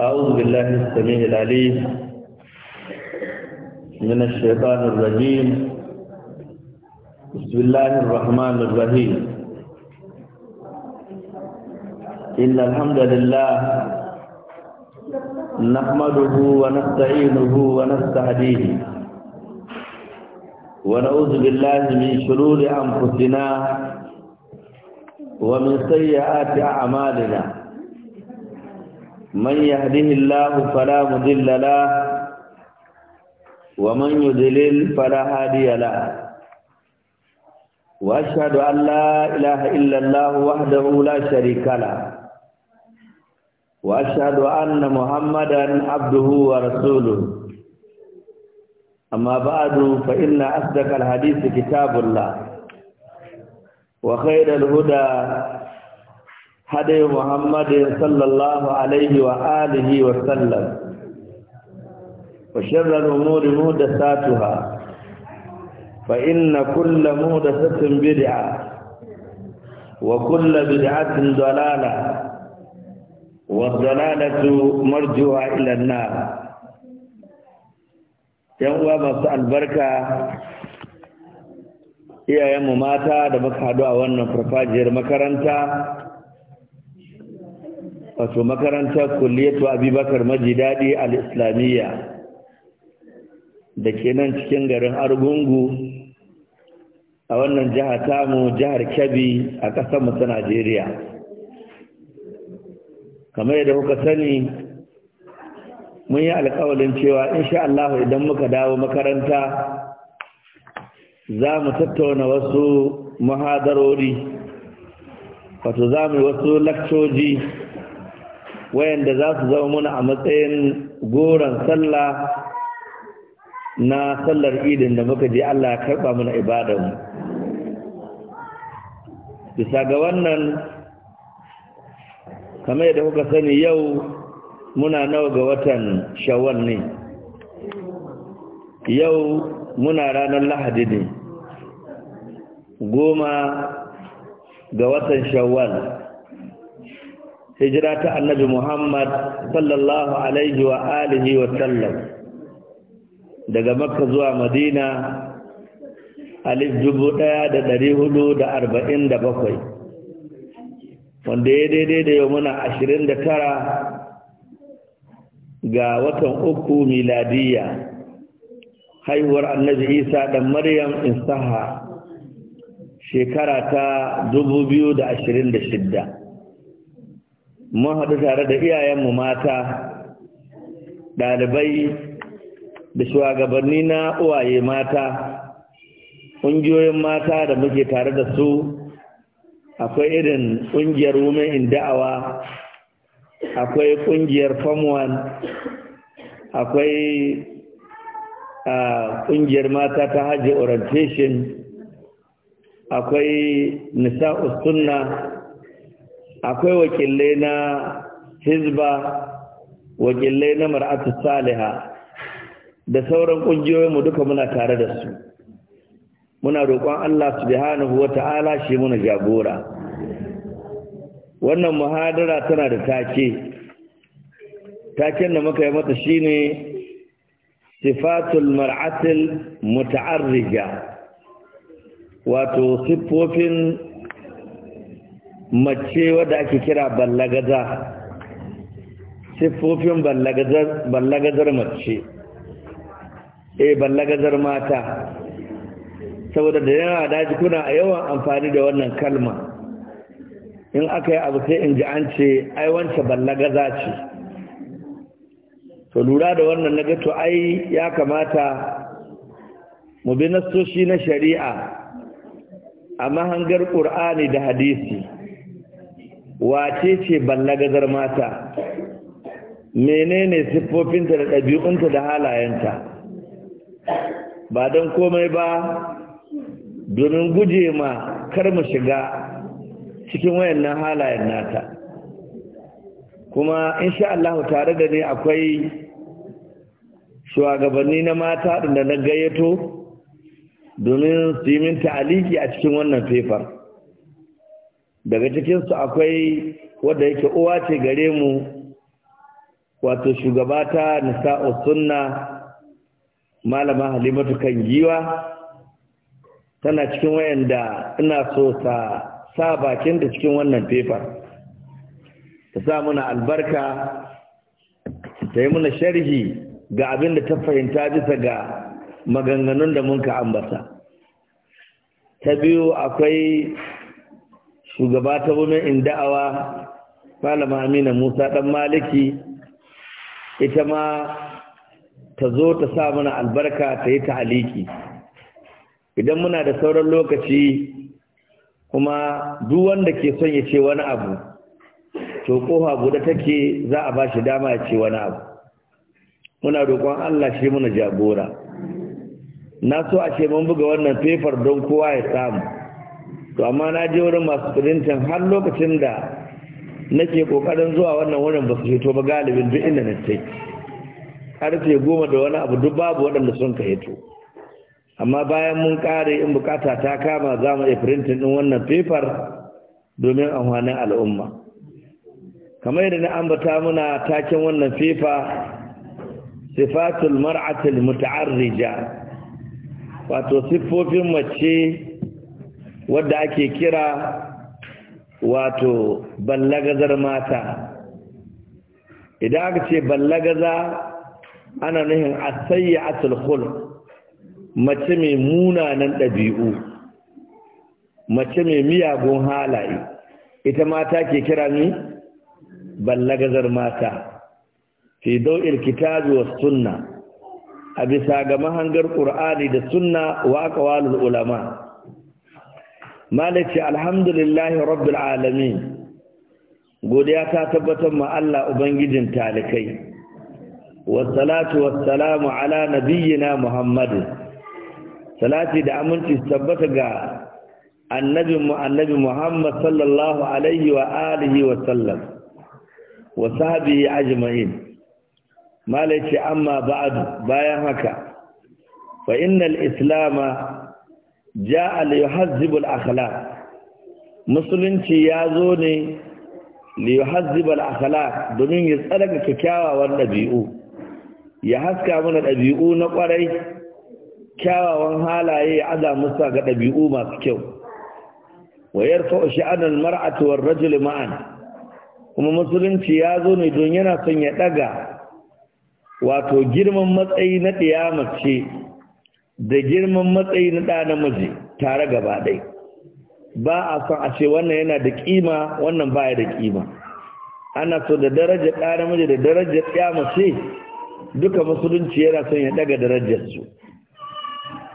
أعوذ بالله السميع العليم من الشيطان الرجيم بسم الله الرحمن الرحيم إن الحمد لله نحمده ونستعينه ونستهديه ونعوذ بالله من شرور أنفسنا ومن سيئات أعمالنا من يهده الله فلا مضل له ومن يضلل فلا هادي له واشهد ان لا اله الا الله وحده لا شريك له واشهد ان محمدا عبده ورسوله اما بعد فان اصدق الحديث كتاب الله وخير الهدى هدي محمد صلى الله عليه وآله وسلم وشر الأمور مهدساتها فإن كل مهدسة بدعة وكل بدعة ضلالة والضلالة مرجوها إلى النار يوم masu albarka iyayenmu mata da muka haɗu a wannan farfajiyar makaranta wato makarantar kulliyatu abubakar majidadi al-islamiyya da ke nan cikin garin argungu a wannan jiha tamu jihar kebbi a ƙasarmu ta najeriya kamar yadda kuka sani mun yi alkawalin cewa insha Allah idan muka dawo makaranta za mu tattauna wasu muhadarori wato za mu yi wasu lakcoji wayanda za su zama muna a matsayin goron sallah na sallar idin da muka je Allah ya karɓa mana mu. bisa ga wannan kamar yadda kuka sani yau muna nawa ga watan shawwal ne yau muna ranar lahadi ne goma ga watan shawwal hijira ta annabi Muhammad sallallahu alaihi wa alihi wa sallam daga makka zuwa madina alif dubu ɗaya da ɗari hudu da arba'in da bakwai wanda ya daidai da yau muna ashirin da tara ga watan uku miladiya. haihuwar annabi isa da maryam isaha shekara ta dubu biyu da ashirin da shidda mun haɗu tare da iyayenmu mata ɗalibai da shugabanni na uwaye mata ƙungiyoyin mata da muke tare da su akwai irin ƙungiyar women in da'awa akwai ƙungiyar famuwan akwai ƙungiyar mata ta hajji orientation akwai nisa'u sunna akwai wakilai na hizba wakilai na mar'atu saliha da sauran ƙungiyoyinmu duka muna tare da su muna roƙon Allah subhanahu wata'ala shi muna jagora wannan muhadara tana da take taken da muka yi mata shine sifatul mar'atil muta'arrija wato siffofin mace wadda ake kira ballagaza siffofin ballagazar mace eh ballagazar mata saboda da yana daji kuna a yawan amfani da wannan kalma in aka yi abu sai in ji an ce ai wance ballagaza ce to lura da wannan naga to ai ya kamata mu bi nasoshi na shari'a a mahangar ƙur'ani da hadisi wace ce ballagazar mata menene siffofinta da ɗabi'unta da halayenta ba don komai ba domin guje ma kar mu shiga cikin wayannan halayen nata kuma insha Allah tare da ni akwai shugabanni na mata da na gayyato domin su yi min ta'aliki a cikin wannan fefar daga cikinsu akwai wadda yake uwa ce gare mu wato shugabata nisa'u sunna malama halimatu kan giwa tana cikin wayanda ina so ta sa bakin da cikin wannan paper ta sa muna albarka ta yi muna sharhi ga abin da ta fahimta bisa ga maganganun da mun ka ambata ta biyu akwai shugaba ta wunin inda'awa malama amina musa dan maliki ita ma ta zo ta sa mana albarka ta yi ta idan muna da sauran lokaci kuma duk wanda ke son ya ce wani abu to kofa guda take za a ba shi dama ya ce wani abu muna roƙon Allah shi muna jagora na so a ce mun buga wannan fefar don kowa ya samu to amma na je wurin masu printin har lokacin da nake kokarin zuwa wannan wurin ba su hito ba galibin duk inda na ce karfe goma da wani abu duk babu waɗanda sun ka hito amma bayan mun kare in bukata ta kama za mu iya printin ɗin wannan paper domin amfanin al'umma kamar yadda na ambata muna taken wannan fefa sifatul mar'atul muta'arrija wato siffofin mace wadda ake kira wato ballagazar mata idan aka ce ballagaza ana nuhin asayya asulhul mace mai munanan ɗabi'u mace mai miyagun halaye ita mata ke kira ni ballagazar mata fi dau'il kitabi wa sunna a bisa ga mahangar ƙur'ani da sunna wa aqwalul ulama malaci alhamdulillahi rabbil alamin godiya ta tabbatar ma Allah ubangijin talikai wassalatu wassalamu ala nabiyyina muhammadin salati da aminci tabbata ga mu annabi muhammad sallallahu alaihi wa alihi wa sallam wa sahbihi ajma'in malaci amma ba'du bayan haka fa innal islama ja li yuhazzibul akhlaq musulunci ya zo ne li akhlaq domin ya tsaraka kyakkyawan dabi'u ya haska mana dabi'u na kwarai kyawawan halaye ya aza musa ga dabi'u masu kyau wa yarfa'u sha'anal mar'atu war rajul ma'an kuma musulunci ya zo ne don yana son ya daga wato girman matsayi na ɗiyamace da girman matsayi na ɗa namiji tare gaba ɗai ba a son a ce wannan yana da ƙima wannan baya da ƙima ana so da darajar ɗa namiji da darajar ɗaya mace duka musulunci yana son ya ɗaga darajarsu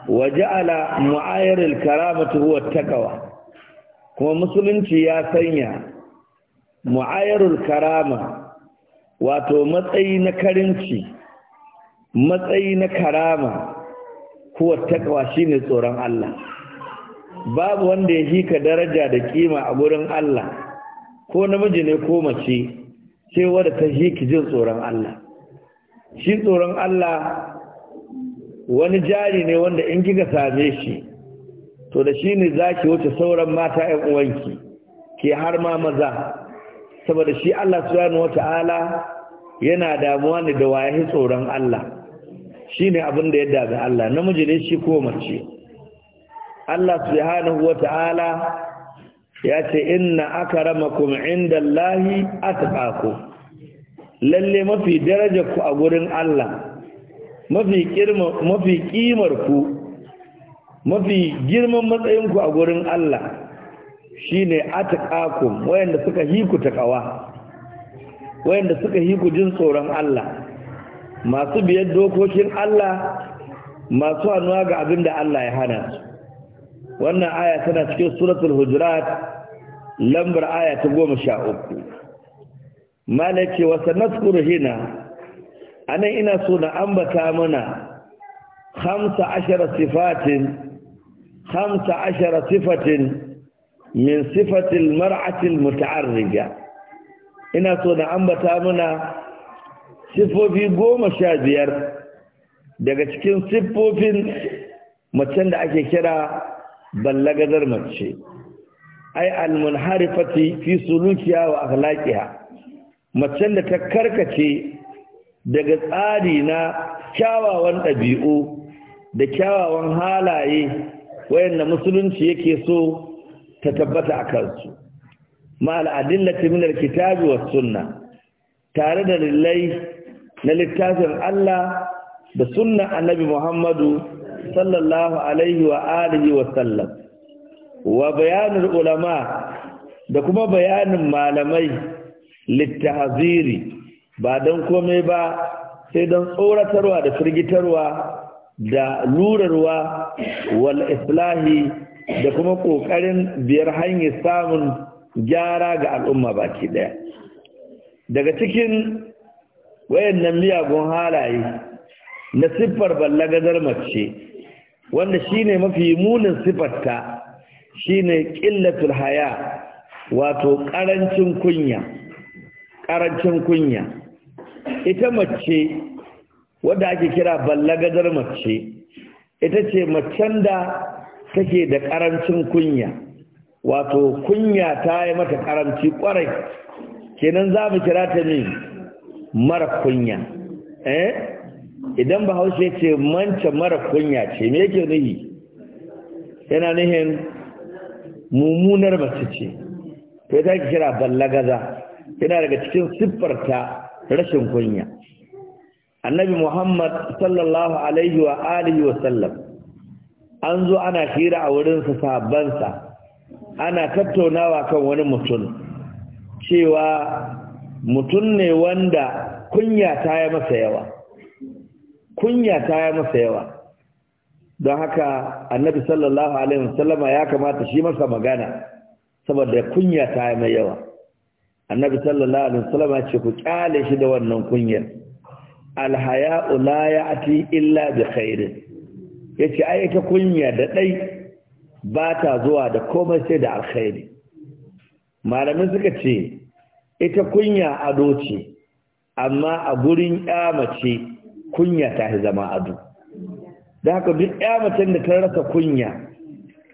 wa ja'ala mu'ayyaril karamatu huwa takawa kuma musulunci ya sanya mu'ayyarul karama wato matsayi na karinci matsayi na karama kuwa shi ne tsoron Allah babu wanda ya hika daraja da kima a gurin Allah ko namiji ne ko mace sai wadda ta hiki jin tsoron Allah shi tsoron Allah wani jari ne wanda in kika same shi to da shi ne za ki wuce sauran mata ‘yan uwanki ke har ma maza saboda shi Allah subhanahu wa ta'ala yana damuwa ne da waye tsoron Allah shi ne abin da ya daga Allah namiji ne shi ko mace Allah subhanahu ta'ala ya ce inna akramakum indallahi atqaku lalle mafi daraja ku a gurin Allah mafi kirma mafi kimar ku mafi girman matsayin ku a gurin Allah shine atqakum wayanda suka hiku takawa wayanda suka hiku jin tsoron Allah masu biyar dokokin Allah masu hannuwa ga abin da Allah ya hana su wannan aya tana cikin suratul hujurat lambar aya ta goma sha uku malaki wasa naskuru hina anan ina so na ambata mana hamsa ashara sifatin hamsa ashara sifatin min sifatin mar'atil muta'arrija ina so na ambata mana siffofi goma sha biyar daga cikin siffofin macen da ake kira ballagadar mace ai harifati fi sulukiya wa akhlaqiha macen da ta karkace daga tsari na kyawawan ɗabi'u da kyawawan halaye wayanda musulunci yake so ta tabbata a kansu ma al'adillati min alkitabi was sunna tare da lillai na littafin Allah da sunna annabi Muhammadu sallallahu alaihi wa alihi wa sallam wa bayanin ulama da kuma bayanin malamai littahaziri ba don komai ba sai don tsoratarwa da firgitarwa da lurarwa wal islahi da kuma ƙoƙarin biyar hanyar samun gyara ga al'umma baki ɗaya daga cikin Wayan nan miyagun halaye na siffar ballagazar mace wanda shine mafi munin siffarta shine qillatul haya wato ƙarancin kunya ƙarancin kunya ita mace wanda ake kira ballagazar mace ita ce macen da take da ƙarancin kunya wato kunya ta yi mata karanci kwarai kenan za mu kira ta ne mara kunya eh idan bahaushe ce manta mara kunya ce me yake nuhi yana nuhin mummunar mace ce to ta kira ballagaza yana daga cikin siffarta rashin kunya annabi muhammad sallallahu alaihi wa alihi wa sallam an zo ana hira a wurin sa sabansa ana tattaunawa kan wani mutum cewa mutum ne wanda kunya ta yi masa yawa kunya ta yi masa yawa don haka annabi sallallahu alaihi wasallama ya kamata shi masa magana saboda kunya ta yi mai yawa annabi sallallahu alaihi wasallama ce ku kyale shi da wannan kunyar alhaya'u la ya'ti illa bi khairin yace ai ita kunya da ɗai ba ta zuwa da komai sai da alkhairi malamin suka ce ita kunya ado ce amma a gurin mace kunya ta zama ado da haka duk macen da ta rasa kunya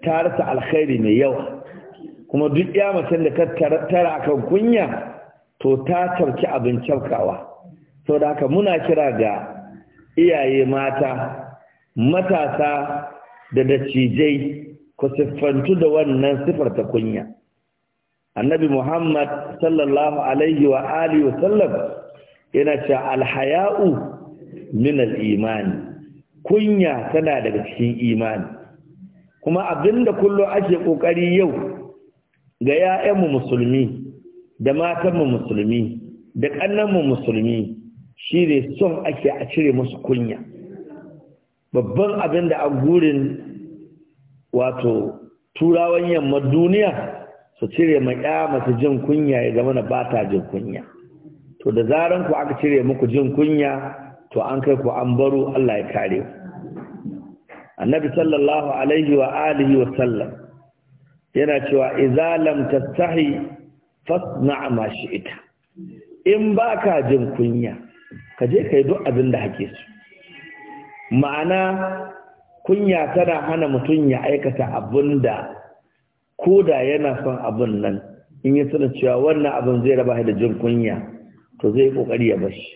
ta rasa alkhairi mai yawa kuma duk macen da ta tara akan kunya to ta tarki abin cafkawa sau da haka muna kira ga iyaye mata matasa da dacijai ku siffantu da wannan siffar ta kunya annabi muhammad sallallahu alaihi wa alihi wa sallam yana cewa alhaya'u min al-imani kunya tana daga cikin imani kuma abinda kullum ake kokari yau ga 'ya'yanmu musulmi da matanmu musulmi da ƙannanmu musulmi shi ne son ake a cire musu kunya babban abinda a gurin wato turawan yamma duniya su cire ma ya masu jin kunya ya zama na bata jin kunya to da zaran ku aka cire muku jin kunya to an kai ku an baro Allah ya kare annabi sallallahu alaihi wa alihi wa sallam yana cewa idza lam tastahi fasna ma shi'ta in baka jin kunya ka je kai duk abin da hake su ma'ana kunya tana hana mutum ya aikata abin da ko da yana son abin nan in ya suna cewa wannan abin zai raba da jin kunya to zai yi kokari ya bashi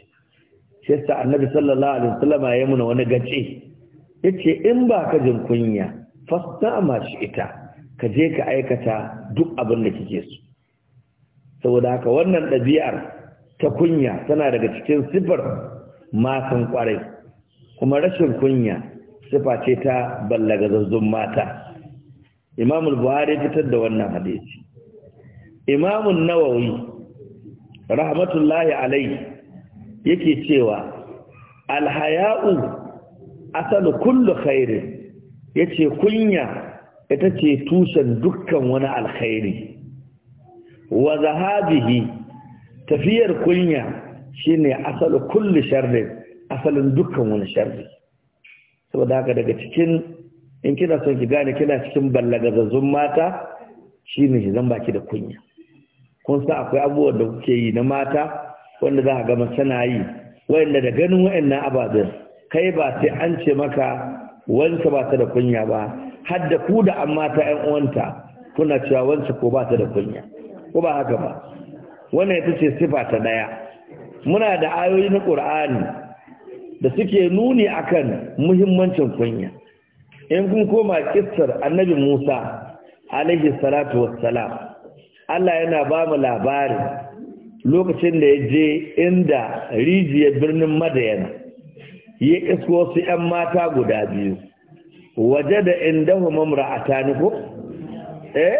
shi sa annabi sallallahu alaihi wasallam ya muna wani gace yace in ba ka jin kunya fastama shi ita ka je ka aikata duk abin da kike so saboda haka wannan ɗabi'ar ta kunya tana daga cikin sifar matan kwarai kuma rashin kunya sifa ce ta ballaga zazzun mata Imam al-Buhari fitar da wannan hadisi Imam an-Nawawi rahmatullahi alayhi yake cewa al-haya'u asalu kullu khairin yace kunya ita ce tushen dukkan wani alkhairi wa zahabihi tafiyar kunya shine asalu kullu sharrin asalin dukkan wani sharri saboda daga cikin in kina son ki gane kina cikin ballagazazzun mata shine ki zan baki da kunya kun sa akwai abubuwan da kuke yi na mata wanda za ka ga mace yi wanda da ganin wayannan ababen kai ba sai an ce maka wanka ba ta da kunya ba har da ku da an mata 'yan uwanta kuna cewa wancan ko ba ta da kunya ko ba haka ba wannan ita ce sifa ta daya muna da ayoyi na qur'ani da suke nuni akan muhimmancin kunya in kun koma kissar annabi Musa alaihi salatu wassalam Allah yana ba mu labari lokacin da ya je inda rijiya birnin Madayan ya isko wasu ‘yan mata guda biyu waje da inda humamra a taniko eh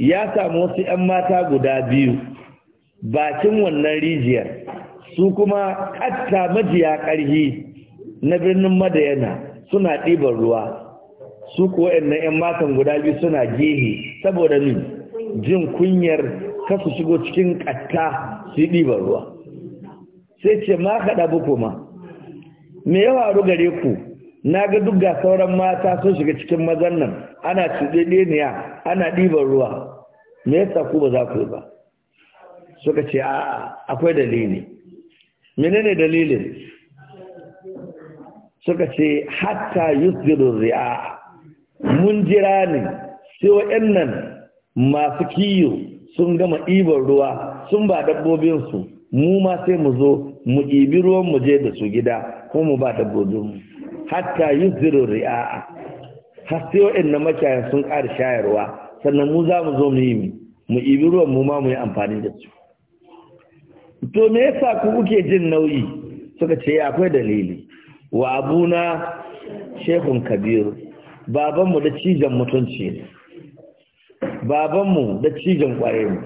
ya samu wasu ‘yan mata guda biyu bakin wannan rijiyar su kuma katta majiya ƙarhi na birnin Madayana suna ɗiban ruwa su kuwa wa'annan 'yan matan guda biyu suna gehe saboda ni jin kunyar kasu shigo cikin ƙatta su ɗiban ruwa sai ce ma haɗa buku ma me yawa gare ku na ga duk ga sauran mata sun shiga cikin mazan nan ana cuɗeɗeniya ana ɗiban ruwa me yasa ku ba za ku yi ba suka ce a akwai dalili menene dalilin suka ce hatta yusdiru ri'a mun jira ne sai wayannan masu kiyo sun gama ibar ruwa sun ba dabbobinsu mu ma sai mu zo mu ibi ruwan mu je da su gida kuma mu ba dabbobinmu hatta yusdiru ri'a har sai waɗannan makiyayan sun ƙara shayarwa sannan mu za mu zo mu yi mu ibi ruwan mu ma mu yi amfani da su to me yasa ku kuke jin nauyi suka ce akwai dalili wa abuna shehun kabir babanmu da cijan mutunci ne babanmu da cijan kware ne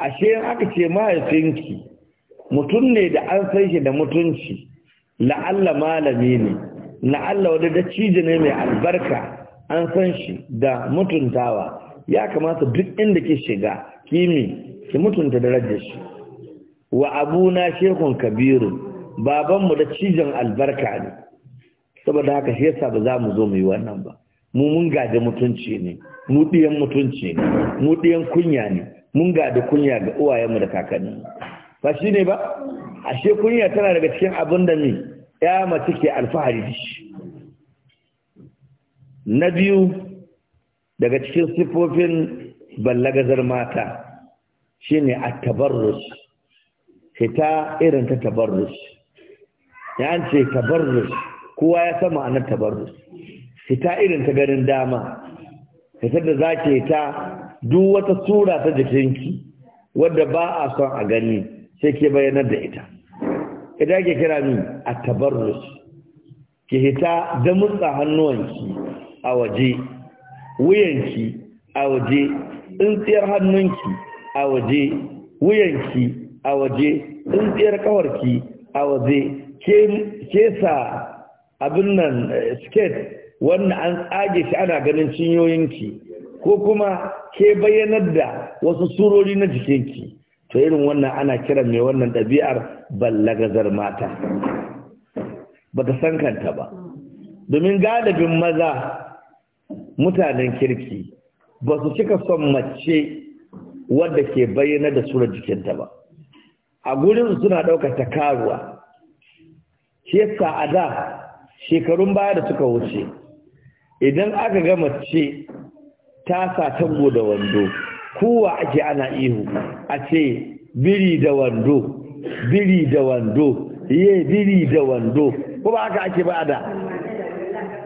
ashe aka ce mahaifinki mutum ne da an san shi da mutunci la'alla malami ne la'alla wani da cije ne mai albarka an san shi da mutuntawa ya kamata duk inda ke shiga kimi ki mutunta darajar shi wa abuna shehun kabiru babanmu da cizon albarka ne saboda haka shi yasa ba za mu zo mu yi wannan ba mu mun gaji mutunci ne mu ɗiyan mutunci ne mu ɗiyan kunya ne mun gaji kunya ga uwayenmu da kakanni ba shi ne ba ashe kunya tana daga cikin abin da ne ya mace ke alfahari da shi na biyu daga cikin siffofin ballagazar mata shine at-tabarrus fita irin ta tabarrus ya an kowa ya san ma'anar tabarrus fita irin ta ganin dama fita da za ta duk wata sura ta jikinki wadda ba a son a gani sai ke bayanar da ita Idan ke kira ni a tabarrus ki hita da mutsa hannuwanki a waje wuyanki a waje tsintsiyar hannunki a waje wuyanki a waje tsintsiyar kawarki a waje kesa abin nan eh, skate wannan an tsage shi ana ganin cinyoyinki ko kuma ke bayyanar da wasu surori na jikinki to irin wannan ana kira mai wannan ɗabi'ar ballagazar mata ba ta san kanta ba domin galibin maza mutanen kirki ba su cika son mace wadda ke bayyana da surar jikinta ba a gurin suna ɗaukar ta karuwa shi yasa a da shekarun baya da suka wuce idan aka ga mace ta sa tango da wando kowa ake ana ihu a ce biri da wando biri da wando ye biri da wando ko ba haka ake ba a da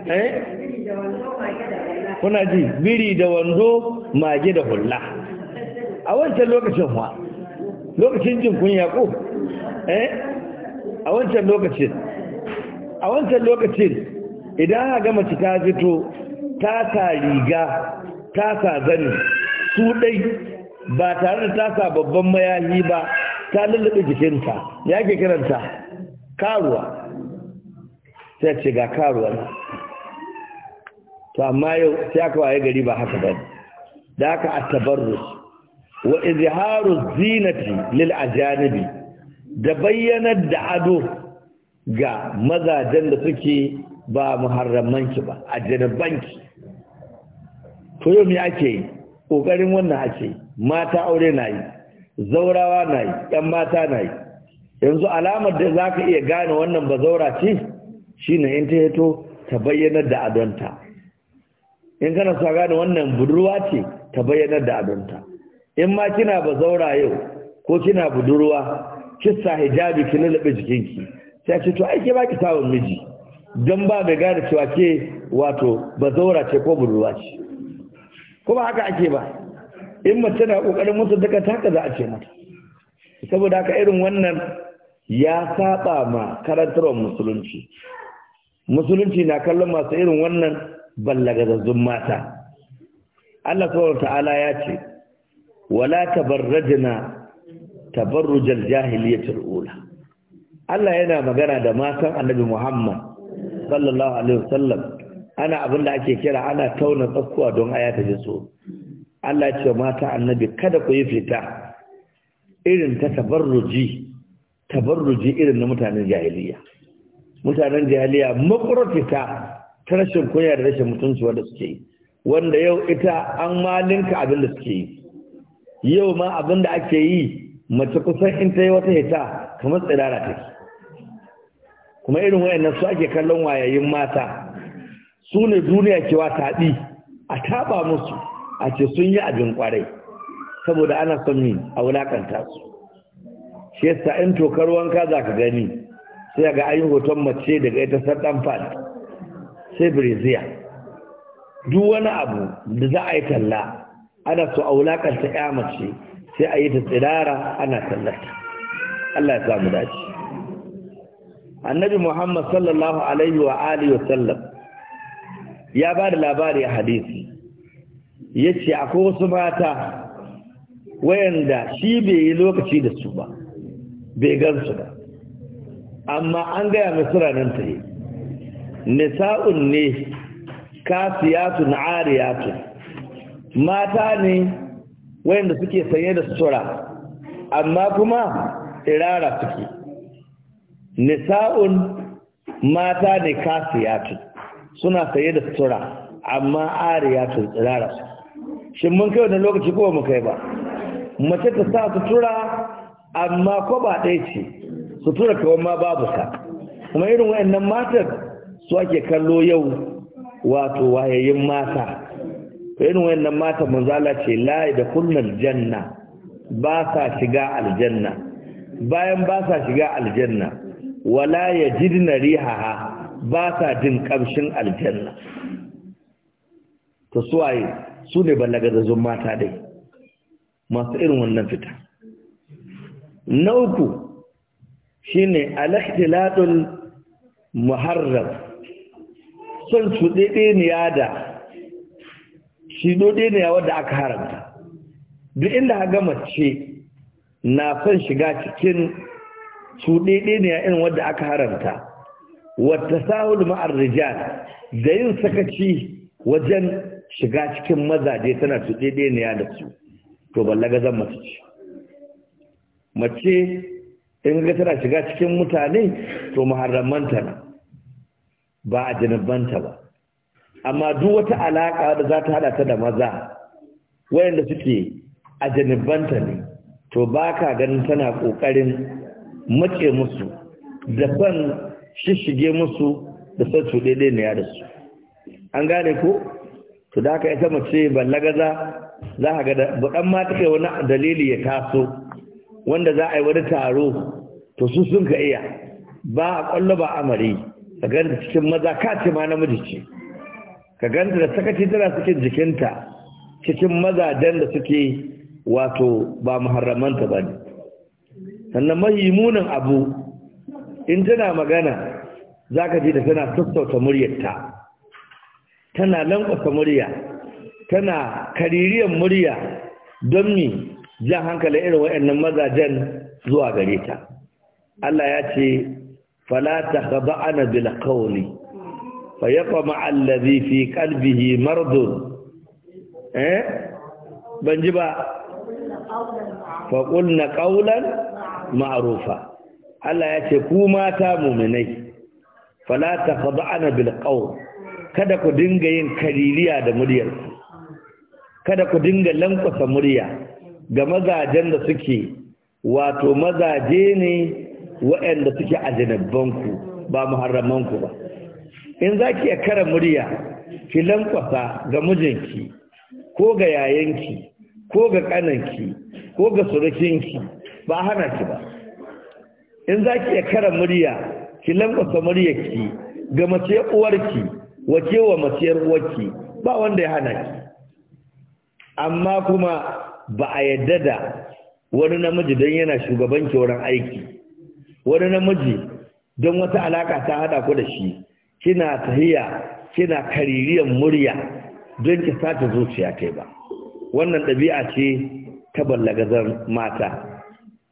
eh kuna ji biri da wando mage da hulla a wancan lokacin wa lokacin jin kunya ko eh a wancan lokacin a wancan lokacin idan aka mace ta fito ta sa riga ta sa zani su dai ba tare da ta sa babban mayahi ba ta lullube jikinta ya ke kiranta karuwa sai ce ga karuwa na to amma yau sai aka waye gari ba haka ne. da aka at wa izharu zinati lil ajanibi da bayyanar da ado ga mazajen da suke ba muharramanki ba a janabanki to yau me ake yi ƙoƙarin wannan ake mata aure na yi zaurawa na yi ‘yan mata na yi yanzu alamar da za ka iya gane wannan ba zaura ce shi ne in ta yato ta bayyanar da adonta in kana sa gane wannan budurwa ce ta bayyanar da adonta in ma kina ba zaura yau ko kina budurwa kissa hijabi ki lalabe jikinki sai ce to aike ba ki miji don ba mai gane cewa ke wato ba zaura ce ko budurwa ce Ko ba haka ake ba in mace na kokarin musu daga taka za a ce mata saboda haka irin wannan ya saba ma karantarwar musulunci musulunci na kallon masu irin wannan ballagazazzun mata Allah subhanahu ta'ala ya ce wala tabarrajna tabarrujal jahiliyatul ula Allah yana magana da matan annabi Muhammad sallallahu alaihi wasallam ana abinda ake kira ana tauna tsakkuwa don aya ta ji so Allah ya ce mata annabi kada ku yi fita irin ta tabarruji tabarruji irin na mutanen jahiliya mutanen jahiliya makurar fita ta rashin kunya da rashin mutunci wanda suke yi wanda yau ita an malinka abin suke yi yau ma abinda ake yi mace kusan in ta yi wata hita kamar tsirara take kuma irin wayannan su ake kallon wayayin mata su ne duniya kewa taɗi a taɓa musu a ce sun yi abin ƙwarai saboda ana son yi a wulaƙanta su shi yasa in tokar wanka za ka gani sai ga ayin hoton mace daga ita sardan fad sai breziya duk wani abu da za a yi talla ana so a wulakanta ya mace sai a yi ta tsirara ana tallata Allah ya samu dace annabi Muhammad sallallahu alaihi wa alihi wasallam ya ba da labari a hadisi yace akwai wasu mata wayanda shi bai yi lokaci da su ba bai gansu ba amma an gaya mai suranin ta yi nisa'un ne kasiyatun ariyatun mata ne wayanda suke sanye da sura amma kuma irara suke nisa'un mata ne kasiyatu suna saye da sutura amma ariyatu tsirara su shin mun kai wani lokaci ko mu kai ba mace ta sa sutura amma ko ba ɗaya ce sutura kawai ma babu ka kuma irin wa'annan matar su ake kallo yau wato wayayyin mata irin matar mata zala ce layi da kullal janna ba sa shiga aljanna bayan ba sa shiga aljanna wala ya jirna rihaha ba sa jin kamshin aljanna ta suwaye su ne balagazazzun mata dai masu irin wannan fita na uku shine alahtilatul muharram sun cuɗe ne ya da shi dode ne wanda aka haramta duk inda ha gama ce na son shiga cikin su ɗaiɗe ne irin wadda aka haramta wata sahul ma'ar rijal da yin sakaci wajen shiga cikin mazaje tana su ɗaiɗe ne da su to ga zan mace ce mace in ga tana shiga cikin mutane to muharramanta na ba a janabanta ba amma duk wata alaƙa da za ta haɗa ta da maza wayanda suke a janabanta ne to ba ka ganin tana ƙoƙarin mace musu da shishige musu da sassu daidai ne ya da su an gane ko to da aka ita mace gaza za a ga buɗan ma kai wani dalili ya taso wanda za a yi wani taro to su sun ka iya ba a ƙwallo ba amari ka ganta cikin maza ka ce ma namiji ce ka ganta da sakaci tana cikin jikinta cikin mazajen da suke wato ba muharramanta ba ne sannan mai munin abu in tana magana za ka ji da tana sassauta muryarta tana lankwasa murya tana kaririyar murya don mi jan hankali irin waɗannan mazajen zuwa gare ta Allah ya ce fala takhda'ana bil qawli fa kwama allazi fi qalbihi mardun eh ban ji ba fa na ƙaunar. ma'arufa Allah ya ce ku mata muminai fala taqda'na bil qawl kada ku dinga yin kaliliya da muryar kada ku dinga lankwasa murya ga mazajen da suke wato mazaje ne waɗanda suke ku ba muharramanku ba in zaki ki kara murya ki lankwasa ga mijinki ko ga yayanki ko ga kananki ko ga surukinki ba hana ki ba in za ki iya kara murya ki lankwasa murya ki ga mace uwarki wace wa maciyar uwarki ba wanda ya hana ki amma kuma ba a yadda da wani namiji don yana shugabanki wurin aiki wani namiji don wata alaka ta hada ku da shi kina tahiya kina kaririyar murya don ki sata zuciya kai ba wannan ɗabi'a ce ta ballagazar mata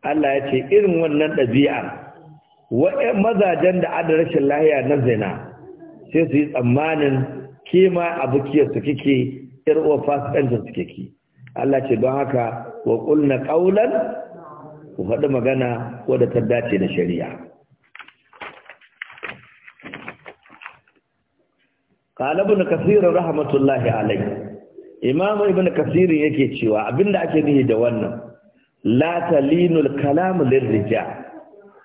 Allah ya ce irin wannan ɗabi'ar mazajen da ada rashin lahiya na zina sai su yi tsammanin kima abukiyar su kike irwa fasikancin su kike Allah ce don haka wa kulna qaulan ku faɗi magana wadda ta dace da shari'a qala ibn kathir rahmatullahi alayhi imam ibn kathir yake cewa abinda ake nihi da wannan la talinul kalamu lirrija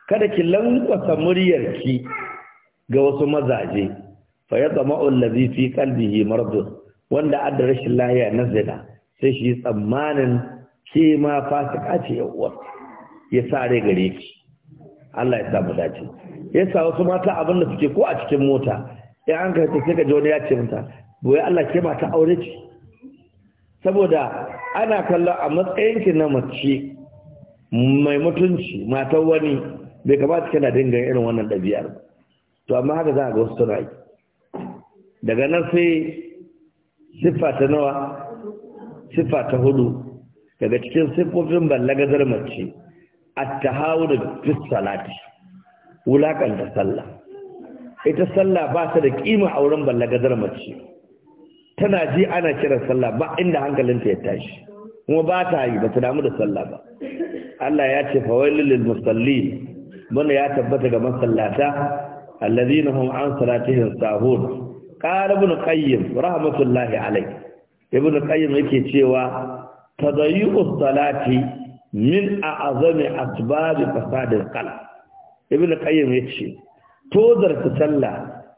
kada ki lankwasa muryarki ga wasu mazaje fa ya zama allazi fi qalbihi wanda adda rashin lahiya na zina sai shi tsammanin ke ma fasika ce yawwa ya sare gare ki Allah ya samu dace yasa wasu mata abin da suke ko a cikin mota Ya an kai ta ce ka ji wani ya ce mata boye Allah ke mata aure ce saboda ana kallo a matsayinki na mace mai mutunci matan wani bai kamata kana dinga irin wannan ɗabi'ar to amma haka za a ga wasu suna yi daga nan sai siffa ta nawa siffa ta hudu daga cikin siffofin ballagazar mace a ta hau da fisalati sallah ita sallah ba ta da kima a wurin ballagazar mace tana ji ana kiran sallah ba inda hankalinta ya tashi kuma ba ta yi ba ta damu da sallah ba Allah ya ce fawailul lil musallin bana ya tabbata ga masallata alladhina hum an salatihim sahun qala ibn qayyim rahmatullahi alai. ibn qayyim yake cewa tadayyu'us salati min a'zami asbab fasadil qalb ibn qayyim yace tozar ta sallah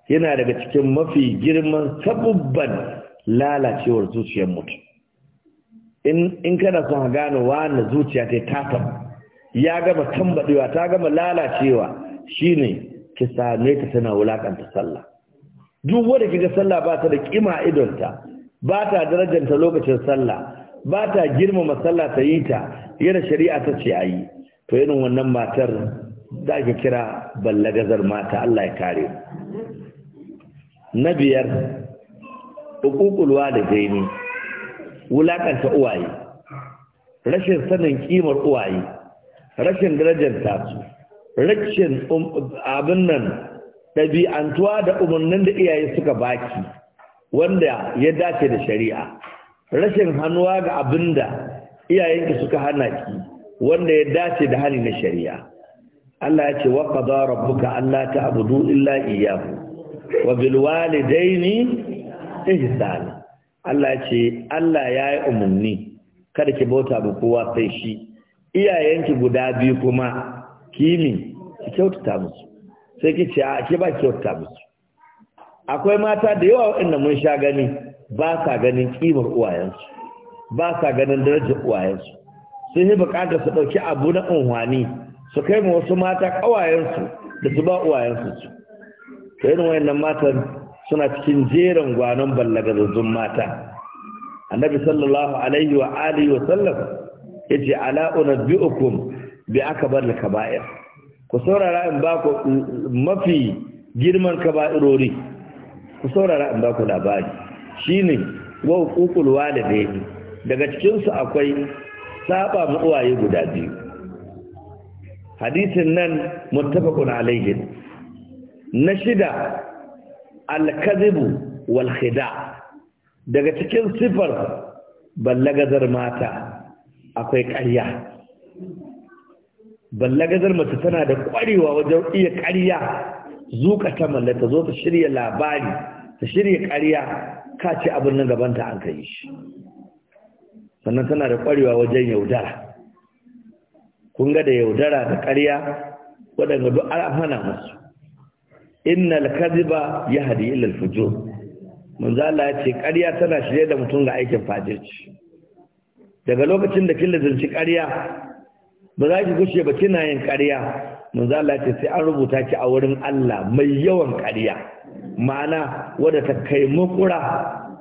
yana daga cikin mafi girman sabubban lalacewar zuciyar mutum in kana son gano wani zuciya ta tafa ya gama tambadewa ta gama lalacewa shine ki same ta tana wulakanta sallah duk wanda kiga sallah ba ta da kima idonta ba ta darajanta lokacin sallah ba ta girmama sallah ta yi ta yana shari'a ta ce ayi to irin wannan matar da ake kira ballagazar mata Allah ya kare na biyar hukukulwa da jaini wulakanta uwaye rashin sanin kimar uwaye rashin darajar su rashin um, abin nan ɗabi'antuwa da umarnin da iyaye suka baki wanda ya dace da shari'a rashin hannuwa ga abin da iyayenki suka hana ki wanda ya dace da hali na shari'a Allah ya ce wa qadara rabbuka la ta'budu illa iyyahu wa bil walidaini sa'ala Allah ce Allah ya yi umarni kada ki bauta ba kowa sai shi iyayenki guda biyu kuma kimi ki kyautata musu sai ki ce ki ba kyautata musu akwai mata da yawa waɗanda mun sha gani ba sa ganin kimar uwayensu ba sa ganin darajar uwayensu sun yi bukatar su ɗauki abu na unhwani su kai ma wasu mata ƙawayensu da su ba uwayensu su to irin wayannan matan suna cikin jerin gwanon ballagazazzun mata annabi sallallahu alaihi wa alihi wa sallam yace ala unabbiukum bi akbar al-kaba'ir ku saurara in ba ku mafi girman kaba'irori ku saurara in ba ku labari shine wa uqul walidayni daga cikinsu akwai saba mu uwaye guda biyu hadisin nan muttafaqun alaihi na shida alkazibu wal khida daga cikin sifar ballagazar mata akwai ƙarya ballagazar mace tana da ƙwarewa wajen iya ƙarya zuƙa ta mallata zo ta shirya labari ta shirya ƙarya ka ce abin nan gabanta an kai shi sannan tana da ƙwarewa wajen yaudara kun ga da yaudara da ƙarya waɗanda duk an hana masu innal kadhiba yahdi ila al-fujur manzo Allah ya ce ƙarya tana shirye da mutum ga aikin fajirci daga lokacin da kin lazarci ƙarya ba za ki gushe ba kina yin ƙarya manzo Allah ya sai an rubuta ki a wurin Allah mai yawan ƙarya ma'ana wanda ta kai makura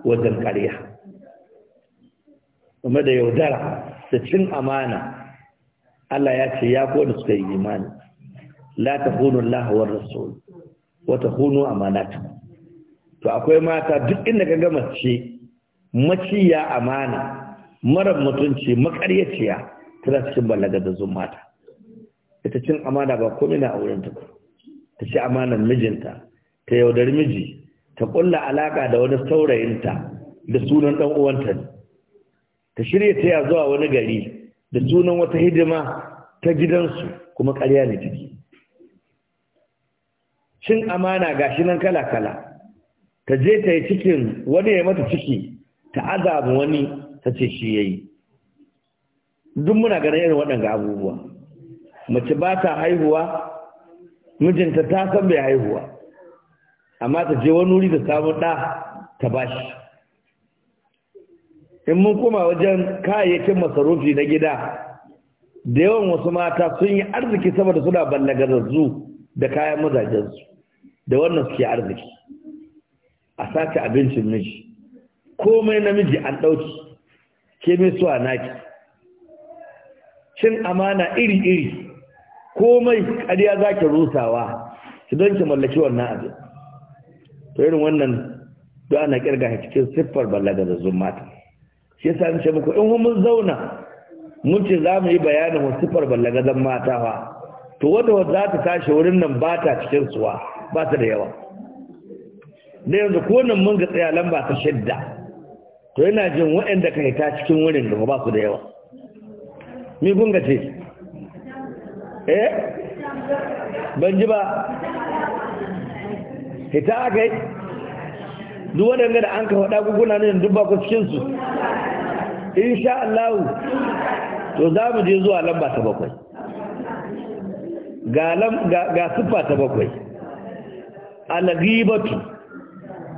wajen ƙarya kuma da yaudara da cin amana Allah ya ce ya kodi su suka yi imani la takunu Allah war rasul wata hono amanata to akwai mata duk inda ka mace maciya amana mara mutunci makaryaciya tana cikin balaga da zun mata ita cin amana ba komai na auren ta ta ci amanar mijinta ta yaudar miji ta ƙulla alaƙa da wani saurayinta da sunan dan uwanta ta shirya ta ya zuwa wani gari da sunan wata hidima ta gidansu kuma ƙarya ne cin amana ga shi nan kala-kala ta je ta yi cikin wani ya mata ciki ta azabu wani ta ce shi ya duk muna ganin irin waɗanda abubuwa mace ba ta haihuwa mijinta ta san bai haihuwa amma ta je wani wuri da samun ɗa ta bashi in mun koma wajen kayayyakin masarufi na gida da yawan wasu mata sun yi arziki saboda suna ballagararzu da kayan mazajensu da wannan suke arziki a sace abincin miji komai namiji an ɗauki ke mai suwa naki cin amana iri-iri komai ƙarya za ki rusawa su don ki mallaki wannan abin to irin wannan don ana ƙirga cikin siffar da mata shi yasa in ce muku in mun zauna mun ce za mu yi bayanin siffar ballagazan mata fa to wadda za ta tashi wurin nan ba ta cikin suwa ba ta da yawa da yanzu ko nan mun ga tsaya lamba ta shidda to yana jin waɗanda ka hita cikin wurin da ba su da yawa mi kun ga ce eh ban ji ba hita aka yi duk waɗanda da an ka faɗa guguna ne duk ba ku su insha Allah to za mu je zuwa lamba ta bakwai ga siffa ta bakwai alghibatu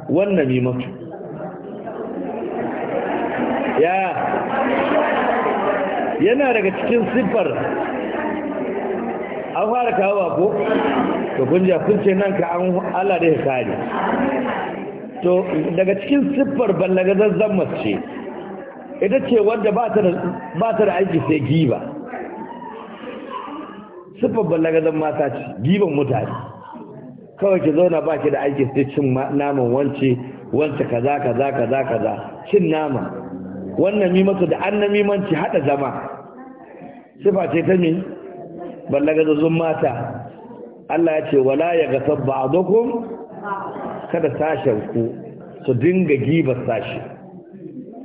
wannan namimatu ya yana daga cikin siffar an fara kawo ko to kun ja kun ce nan ka an Allah da ya kare to daga cikin siffar ballagazazzan mace ita ce wanda ba ta da aiki sai giba siffar ballagazan mata ce giban mutane kawai ki zauna ba ki da aiki sai cin naman wance wance kaza kaza kaza kaza cin nama wannan mi masa da annami manci hada zama sifa ce ta mi ballaga zuzun mata Allah ya ce wala ya ga sabba adukum kada sashen ku su dinga giba sashi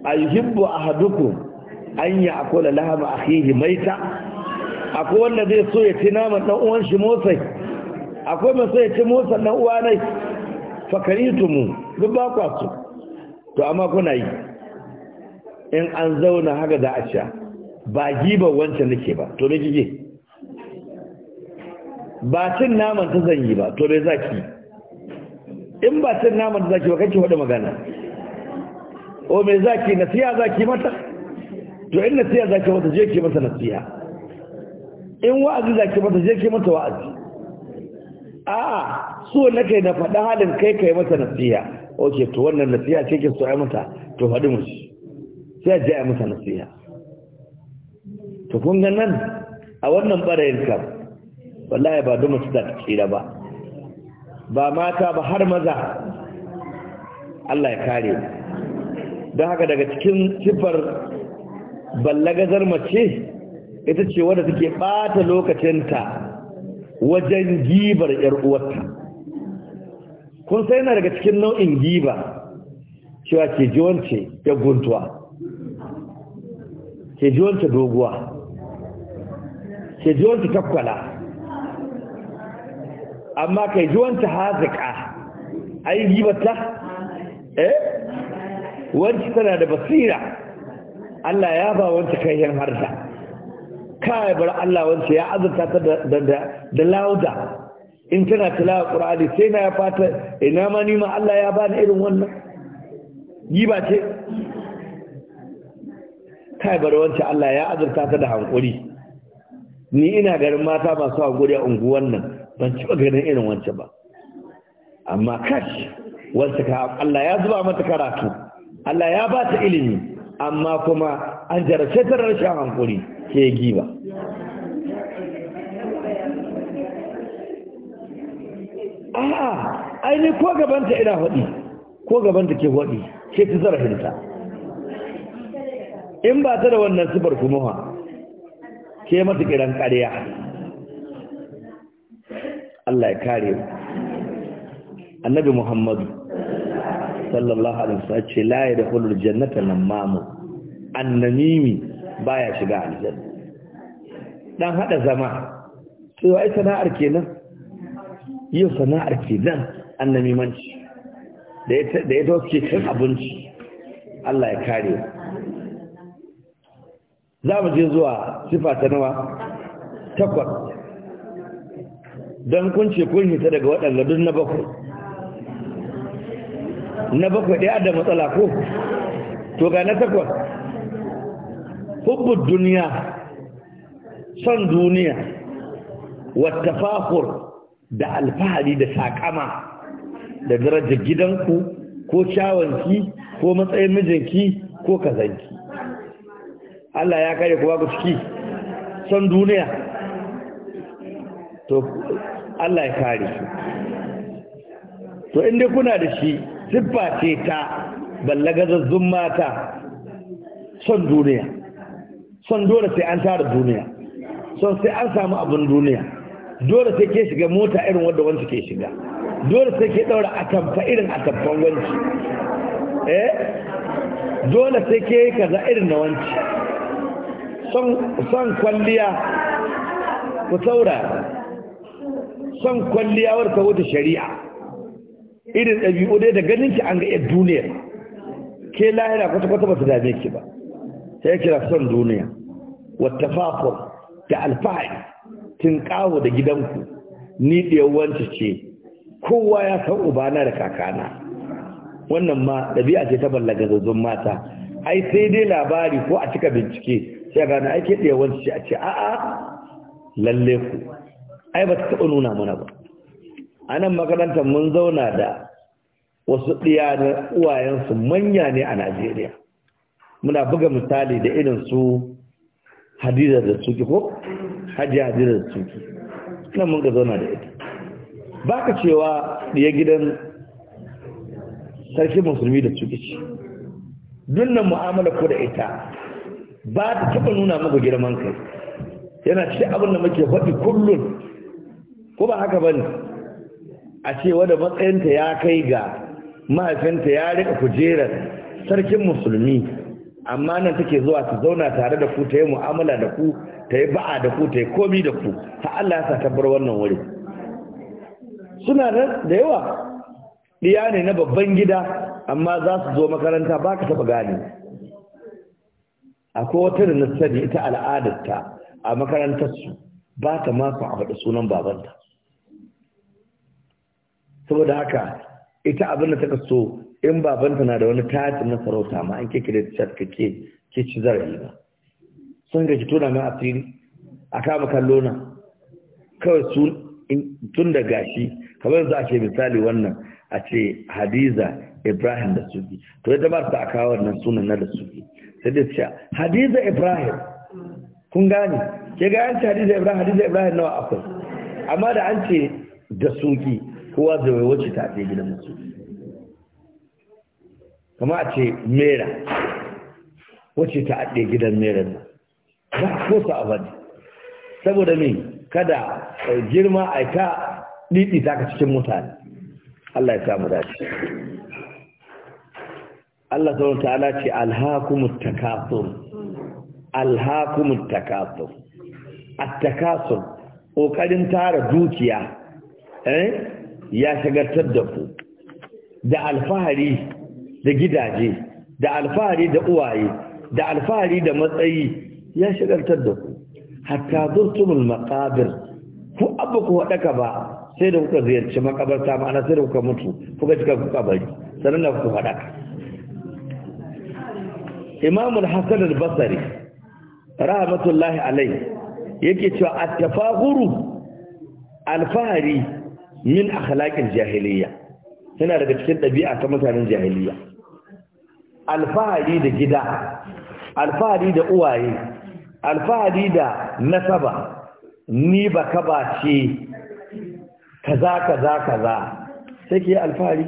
ayyuhibbu ahadukum an ya akula lahama akhihi maita akwai wanda zai so ya ci naman dan uwan shi motsai akwai masu ya ce motsa sannan uwa nai fakari mu duk ba kwa su to amma kuna yi in an zauna haka da asha ba giba wancan nake ba to me kike ba cin naman ta zanyi ba to me zaki in ba cin naman ta zaki ba kake wada magana o me zaki nasiya zaki mata to in nasiya zaki mata je ki mata nasiya in wa'azi zaki mata je ki mata wa'azi a'a so na kai na faɗa halin kai kai masa nasiya ok to wannan nasiya ce ke so ai mata to faɗi mu shi sai a je ai masa nasiya to kun ga nan a wannan ɓarayin kam wallahi ba duma su da tsira ba ba mata ba har maza Allah ya kare don haka daga cikin siffar ballagazar mace ita ce wadda take ɓata lokacinta wajen gibar ‘yar uwarta. Kun sai yana daga cikin nau'in giba cewa ke wance ya guntuwa, ke wance doguwa, ke wance takwala, amma ke jiwance hazika, ai gibata? Eh? Wanci tana da basira, Allah ya ba wanci kayan harta. Kai bar Allah wanci ya azurta ta da da lauda in tana tilawa qur'ani sai na ya fata ina ma ni ma Allah ya bani irin wannan giba ce kai bar wancan Allah ya azurta ta da hankuri ni ina garin mata masu hankuri a unguwan nan ban ci ba ganin irin wancan ba amma kash wancan ka Allah ya zuba mata karatu Allah ya ba ta ilimi amma kuma an jarabce ta rashin hankuri ke giba a'a aini ko gabanta ina faɗi ko gabanta ke faɗi ke ta zarafinta in ba ta da wannan sifar kuma ke mata kiran ƙarya Allah ya kare mu annabi Muhammadu sallallahu alaihi wasallam ce la yadkhulul jannata namamu annamimi baya shiga aljanna dan hada zama to ai sana'ar kenan yin sana'ar ke nan annamimanci da ya dauke kan cin abinci Allah ya kare za mu je zuwa sifa ta nawa takwas don kunce kun hita daga waɗanda duk na bakwai na bakwai ɗaya da matsala ko to ga na takwas hubbun duniya son duniya wata fahur da alfahari da sakama da darajar gidanku ko shawanki ko matsayin mijinki ko kazanki Allah ya kare ku ciki son duniya to Allah ya kare su to inda kuna da shi siffa ce ta ballagazazzun mata son duniya son dole sai an tara duniya son sai an samu abin duniya dole sai ke shiga mota irin wadda wancan ke shiga dole sai ke daura atamfa irin atamfan wanci eh dole sai ke yi kaza irin na wanci son kwalliya ku saura son kwalliya wadda ta shari'a irin ɗabi'u dai da ganin ki an ga yar duniyar ke lahira kwata-kwata ba su dame ki ba sai kira son duniya wata fakur da alfahari kawo da gidanku ni ɗiyawanta ce kowa ya san ubana da kakana wannan ma ɗabi'a ce ta ballaga zazzon mata ai sai dai labari ko a cika bincike sai gane ake ɗiyawanta ce a ce a'a lalle ku ai ba ta taɓa nuna mana ba a nan makarantar mun zauna da wasu ɗiya na uwayensu manya ne a najeriya muna buga misali da irin su hadiza da suki ko hajji hadiza da suki nan mun ka zauna da ita ba cewa ɗaya gidan sarki musulmi da suki ce dunnan mu'amala ko da ita ba ta taɓa nuna muku girman kai yana ce abin da muke faɗi kullum ko ba haka ba ne a ce wadda matsayinta ya kai ga mahaifinta ya rika kujerar sarkin musulmi amma nan take zuwa ta zauna tare da ku ta yi mu'amala da ku ta yi ba'a da ku ta yi komi da ku ta Allah ya sa tabbar wannan wuri suna da yawa diya ne na babban gida amma za su zo makaranta ba ka taɓa gane akwai wata da na sani ita al'adarta a makarantarsu ba ta ma su a faɗi sunan babanta saboda haka ita abin da ta so in babanta na da wani tatin na sarauta ma an kekere da cat kake ke ci zarafi ba sun gaji tona mai asiri a kama kallo na kawai su tun da gashi kamar za a misali wannan a ce hadiza ibrahim da suki to ya ba ta a kawo wannan sunan na da suki sai dai cewa hadiza ibrahim kun gane ke ga an ce hadiza ibrahim hadiza ibrahim nawa akwai amma da an ce da suki kowa zai wuce ta ce gidan musu kama a ce mera wacce ta aɗe gidan meran nan ba a kosa a bane saboda me kada girma a ta ɗiɗi ta ka cikin mutane Allah ya samu dace Allah sauran ta'ala ce alhakumut takasur alhakumut takasur a takasur ƙoƙarin tara dukiya eh ya shagartar da ku da alfahari da gidaje da alfahari da uwaye da alfahari da matsayi ya shagaltar da ku hatta zurtumul maqabir ku abu ku wadaka ba sai da kuka ziyarci makabarta ma'ana sai da kuka mutu kuka cika kuka bari sannan da kuka wadaka Imam al-Hasan al-Basri rahmatullahi alayhi yake cewa at alfahari al min akhlaqil jahiliyya yana daga cikin ɗabi'a ta mutanen jahiliyya alfahari da gida alfahari da uwaye alfahari da nasaba ni ba ka ba ce kaza kaza kaza sai ke alfahari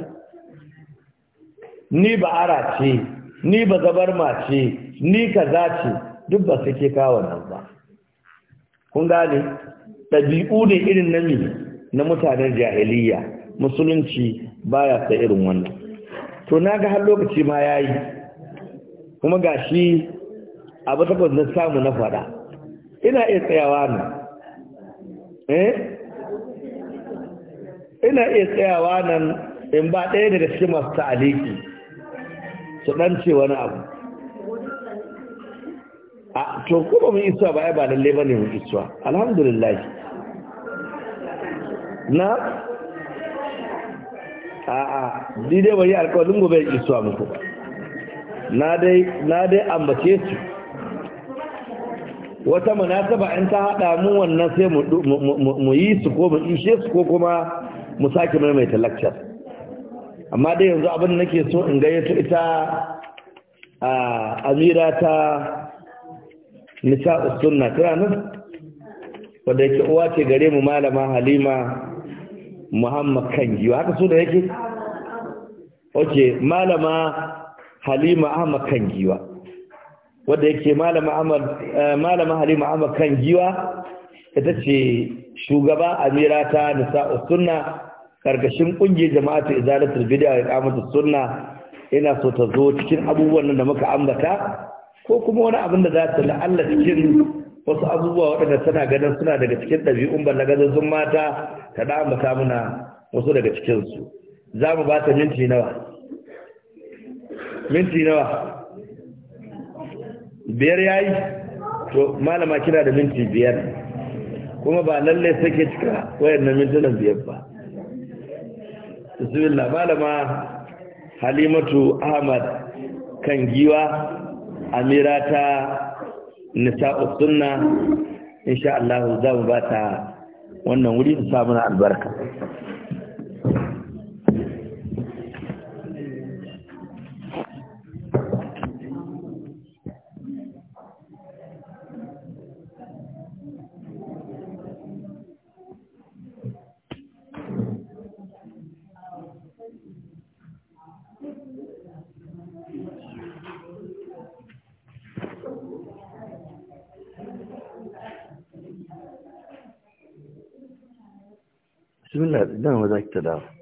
ni ba ara ce ni ba zabarma ce ni kaza ce duk ba ke kawo nan ba kun gane ɗabi'u ne irin na na mutanen jahiliya musulunci baya sa irin wannan to na ga har lokaci ma ya yi kuma ga shi abu takwas na samu na fada ina iya tsayawa nan eh ina iya tsayawa nan in ba ɗaya daga cikin masu ta'aliki su ɗan ce wani abu a to kuma mun isuwa ba ya ba lalle bane mun isuwa alhamdulillah na a'a ni dai bari alƙawarin gobe ya a muku na dai ambace su wata munasaba in ta haɗa mu wannan sai mu yi su ko mu ishe su ko kuma mu sake maimaita lakcar amma dai yanzu abin da nake so in gayyato ita a amira ta nisa usunna tana nan yake uwa ce gare mu malama halima muhammad kangi haka su da yake oke malama halima ahmad kangiwa wanda yake malama Ahmad, eh, Malama halima ahmad kangiwa ita ce shugaba amira ta nisa'u sunna karkashin kungiyar jama'atu izalatul bid'a da iqamatus sunna ina so ta zo cikin abubuwan da muka ambata ko kuma wani abin da za ta la'alla cikin wasu abubuwa waɗanda suna ganin suna daga cikin ɗabi'un ba na sun mata ta ɗambata muna wasu daga cikinsu za mu ba ta minti nawa minti nawa biyar ya yi to malama kina da minti biyar kuma ba lallai sake cika wayannan mintunan biyar ba Al-zuwilla malama halimatu ahmad kan giwa amira ta nisa sunna insha Allah za mu ba wannan wuri su samu albarka like to know.